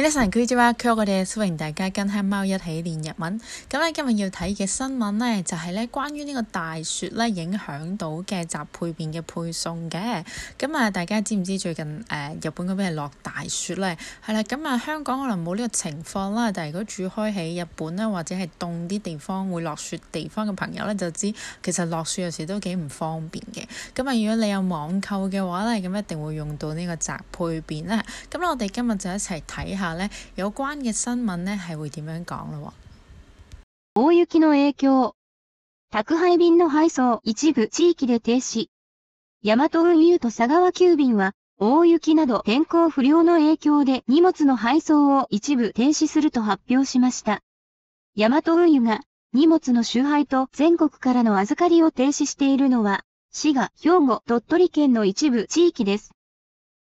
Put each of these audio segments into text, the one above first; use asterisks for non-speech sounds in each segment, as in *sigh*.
Hello，大家好。我哋歡迎大家跟黑貓一起練日文。咁咧，今日要睇嘅新聞呢，就係、是、咧關於呢個大雪咧影響到嘅宅配便嘅配送嘅。咁啊，大家知唔知最近誒、呃、日本嗰邊係落大雪呢？係啦，咁啊香港可能冇呢個情況啦。但係如果住開喺日本咧，或者係凍啲地方會落雪地方嘅朋友呢，就知其實落雪有時都幾唔方便嘅。咁啊，如果你有網購嘅話呢，咁一定會用到呢個宅配便啦。咁我哋今日就一齊睇下。有關嘅新聞呢係會點樣講咯？大雪の影響。宅配便の配送、一部地域で停止。ヤマト運輸と佐川急便は、大雪など天候不良の影響で荷物の配送を一部停止すると発表しました。ヤマト運輸が荷物の集配と全國からの預かりを停止しているのは、滋賀、兵庫、鳥取県の一部地域です。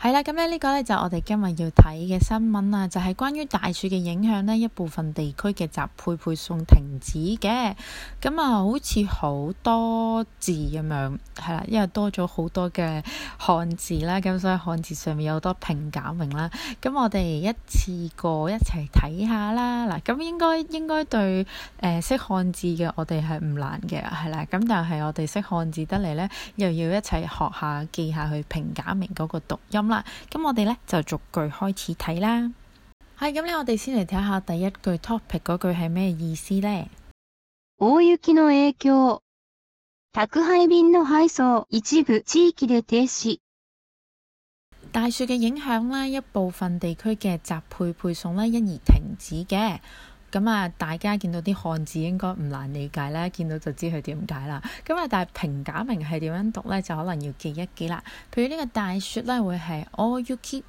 係啦，咁咧呢個咧就我哋今日要睇嘅新聞啊，就係、是、關於大雪嘅影響呢一部分地區嘅集配配送停止嘅。咁啊、呃，好似好多字咁樣，係啦，因為多咗好多嘅漢字啦，咁所以漢字上面有好多平假名啦。咁我哋一次過一齊睇下啦。嗱，咁應該應該對誒、呃、識漢字嘅我哋係唔難嘅，係啦。咁但係我哋識漢字得嚟呢，又要一齊學下記下去平假名嗰個讀音。咁我哋咧就逐句開始睇啦。係咁咧，我哋先嚟睇下第一句 topic 嗰句係咩意思咧？大雪嘅影響咧，一部分地區嘅集配配送咧因而停止嘅。咁啊，大家見到啲漢字應該唔難理解啦。見到就知佢點解啦。咁啊，但係平假名係點樣讀咧，就可能要記一記啦。譬如呢個大雪咧，會係おおゆき。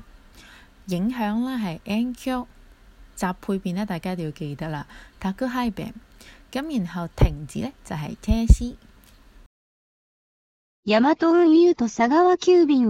影響咧，係えいきょう。宅配便咧，大家一定要記得啦。たくはいびん咁，然後停止咧就係ていし。ヤマト運輸、佐川急便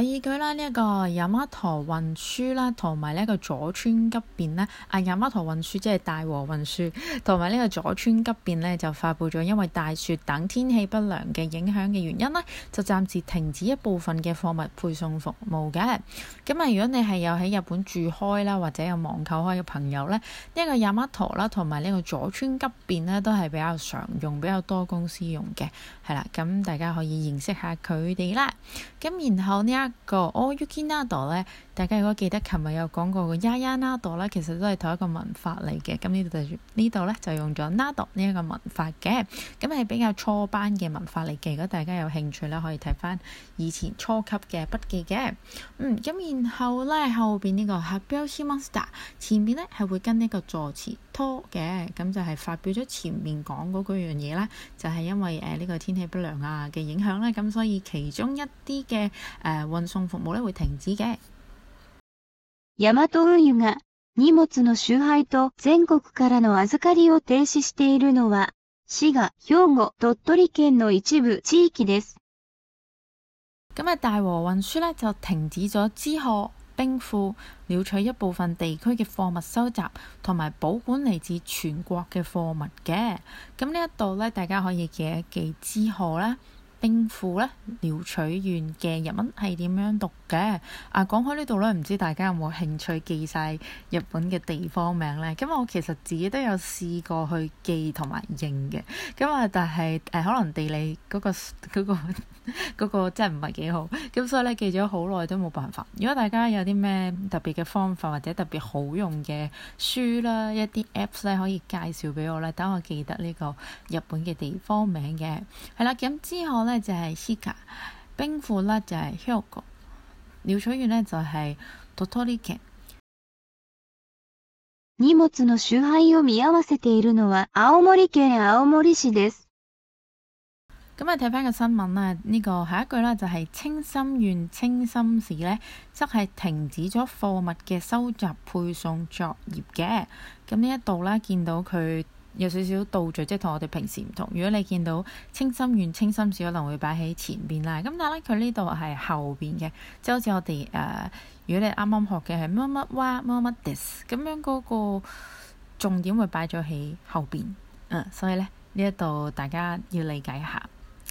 第二句啦，呢、這、一個ヤマト運輸啦，同埋呢一個佐川急便咧，啊，ヤマト運輸即係大和運輸，同埋呢個佐川急便呢，就發布咗，因為大雪等天氣不良嘅影響嘅原因咧，就暫時停止一部分嘅貨物配送服務嘅。咁啊，如果你係有喺日本住開啦，或者有網購開嘅朋友呢，呢、這個ヤマト啦，同埋呢個佐川急便呢，都係比較常用，比較多公司用嘅，係、嗯、啦，咁大家可以認識下佢哋啦。咁、啊、然後呢個 ooyuki nado 咧，大家如果記得，琴日有講過個 ya ya n a d o 咧，其實都係同一個文法嚟嘅。咁呢度就呢度咧，就用咗 nado 呢一個文法嘅，咁係比較初班嘅文法嚟嘅。如果大家有興趣咧，可以睇翻以前初級嘅筆記嘅。嗯，咁然後咧，後邊呢、呢個 habil monster 前面咧係會跟呢個助詞。ヤマト運輸が荷物の集配と全國からの預かりを停止しているのは滋賀、兵庫、鳥取県の一部地域です。噉大和運輸呢，就停止咗之後。兵庫、鳥取一部分地區嘅貨物收集同埋保管嚟自全國嘅貨物嘅，咁呢一度咧，大家可以記一記之後啦。兵庫咧鳥取縣嘅日文係點樣讀嘅？啊，講開呢度咧，唔知大家有冇興趣記晒日本嘅地方名咧？咁我其實自己都有試過去記同埋認嘅，咁啊，但係誒、呃、可能地理嗰、嗰個嗰、嗰個嗰、嗰個嗰個真係唔係幾好，咁所以咧記咗好耐都冇辦法。如果大家有啲咩特別嘅方法或者特別好用嘅書啦，一啲 Apps 咧可以介紹俾我咧，等我記得呢個日本嘅地方名嘅。係、嗯、啦，咁、嗯、之後。咧就係斯卡，兵庫啦就係香國，鳥取縣咧就係托托利縣。荷物の集配を見合わせているのは青森県青森市です。咁啊，睇翻個新聞咧，呢個下一句咧就係青森縣青森市咧，則係停止咗貨物嘅收集配送作業嘅。咁呢一度咧，見到佢。有少少倒序，即係同我哋平時唔同。如果你見到清心願、清心事可能會擺喺前邊啦，咁但係咧佢呢度係後邊嘅，即係好似我哋誒、呃，如果你啱啱學嘅係乜乜哇、乜乜です咁樣嗰個重點會擺咗喺後邊，嗯，所以咧呢一度大家要理解下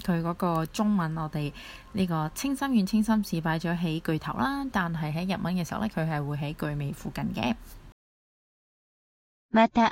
佢嗰個中文，我哋呢個清心願、清心事擺咗喺句頭啦，但係喺日文嘅時候咧，佢係會喺句尾附近嘅。また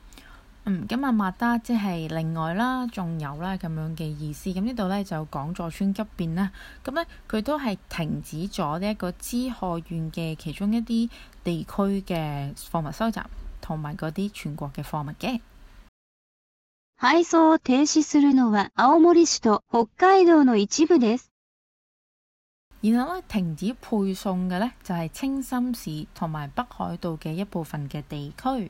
嗯，咁啊，また即係另外啦，仲有啦咁樣嘅意思。咁、嗯、呢度咧就講座村急變啦。咁咧佢都係停止咗呢一個滋賀縣嘅其中一啲地區嘅貨物收集，同埋嗰啲全國嘅貨物嘅配送停止するのは青森市と北海道の一部です。然後咧停止配送嘅咧就係青森市同埋北海道嘅一部分嘅地區。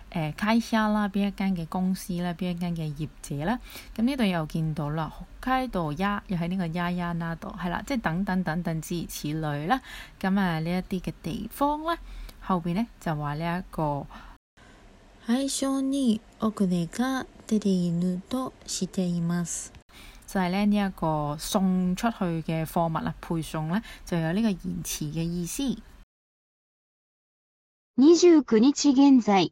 誒開沙啦，邊一間嘅公司啦，邊一間嘅業者啦。咁呢度又見到啦，開度呀，又喺呢個呀呀那度，係啦，即係等等等等，諸如此類啦，咁啊呢一啲嘅地方咧，後邊咧就話、這個、 *noise* 呢一個就係咧呢一個送出去嘅貨物啊，配送咧就有呢個延遲嘅意思。二十九日現在。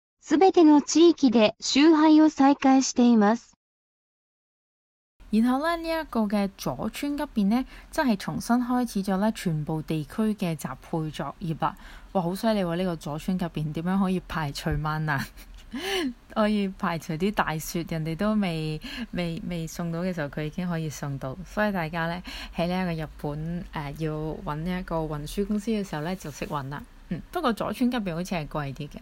然後咧呢一、這個嘅佐川急便咧，真係重新開始咗呢全部地區嘅集配作業啊。哇，好犀利喎！呢、這個佐川急便點樣可以排除萬難？ *laughs* 可以排除啲大雪，人哋都未未未送到嘅時候，佢已經可以送到。所以大家呢，喺呢一個日本誒、呃、要揾一個運輸公司嘅時候呢，就識揾啦。嗯、不過佐川嗰邊好似係貴啲嘅，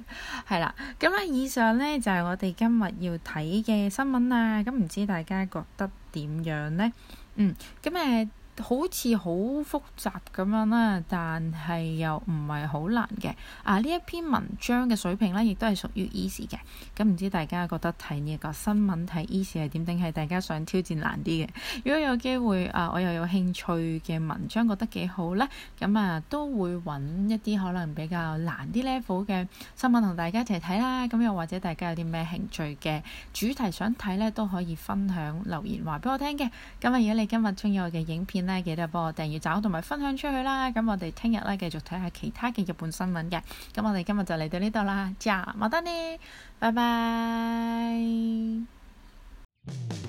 係啦。咁啊，以上咧就係、是、我哋今日要睇嘅新聞啊。咁唔知大家覺得點樣咧？嗯，咁誒。呃好似好複雜咁樣啦，但係又唔係好難嘅。啊，呢一篇文章嘅水平呢，亦都係屬於 easy 嘅。咁、啊、唔知大家覺得睇呢個新聞睇 easy 係點？定係大家想挑戰難啲嘅？如果有機會啊，我又有興趣嘅文章，覺得幾好呢，咁啊都會揾一啲可能比較難啲 level 嘅新聞同大家一齊睇啦。咁、啊、又或者大家有啲咩興趣嘅主題想睇呢，都可以分享留言話俾我聽嘅。咁啊，如果你今日中意我嘅影片，記得幫我訂閱、讚同埋分享出去啦！咁我哋聽日咧繼續睇下其他嘅日本新聞嘅。咁我哋今日就嚟到呢度啦，じゃ，またね，拜拜。 *noise*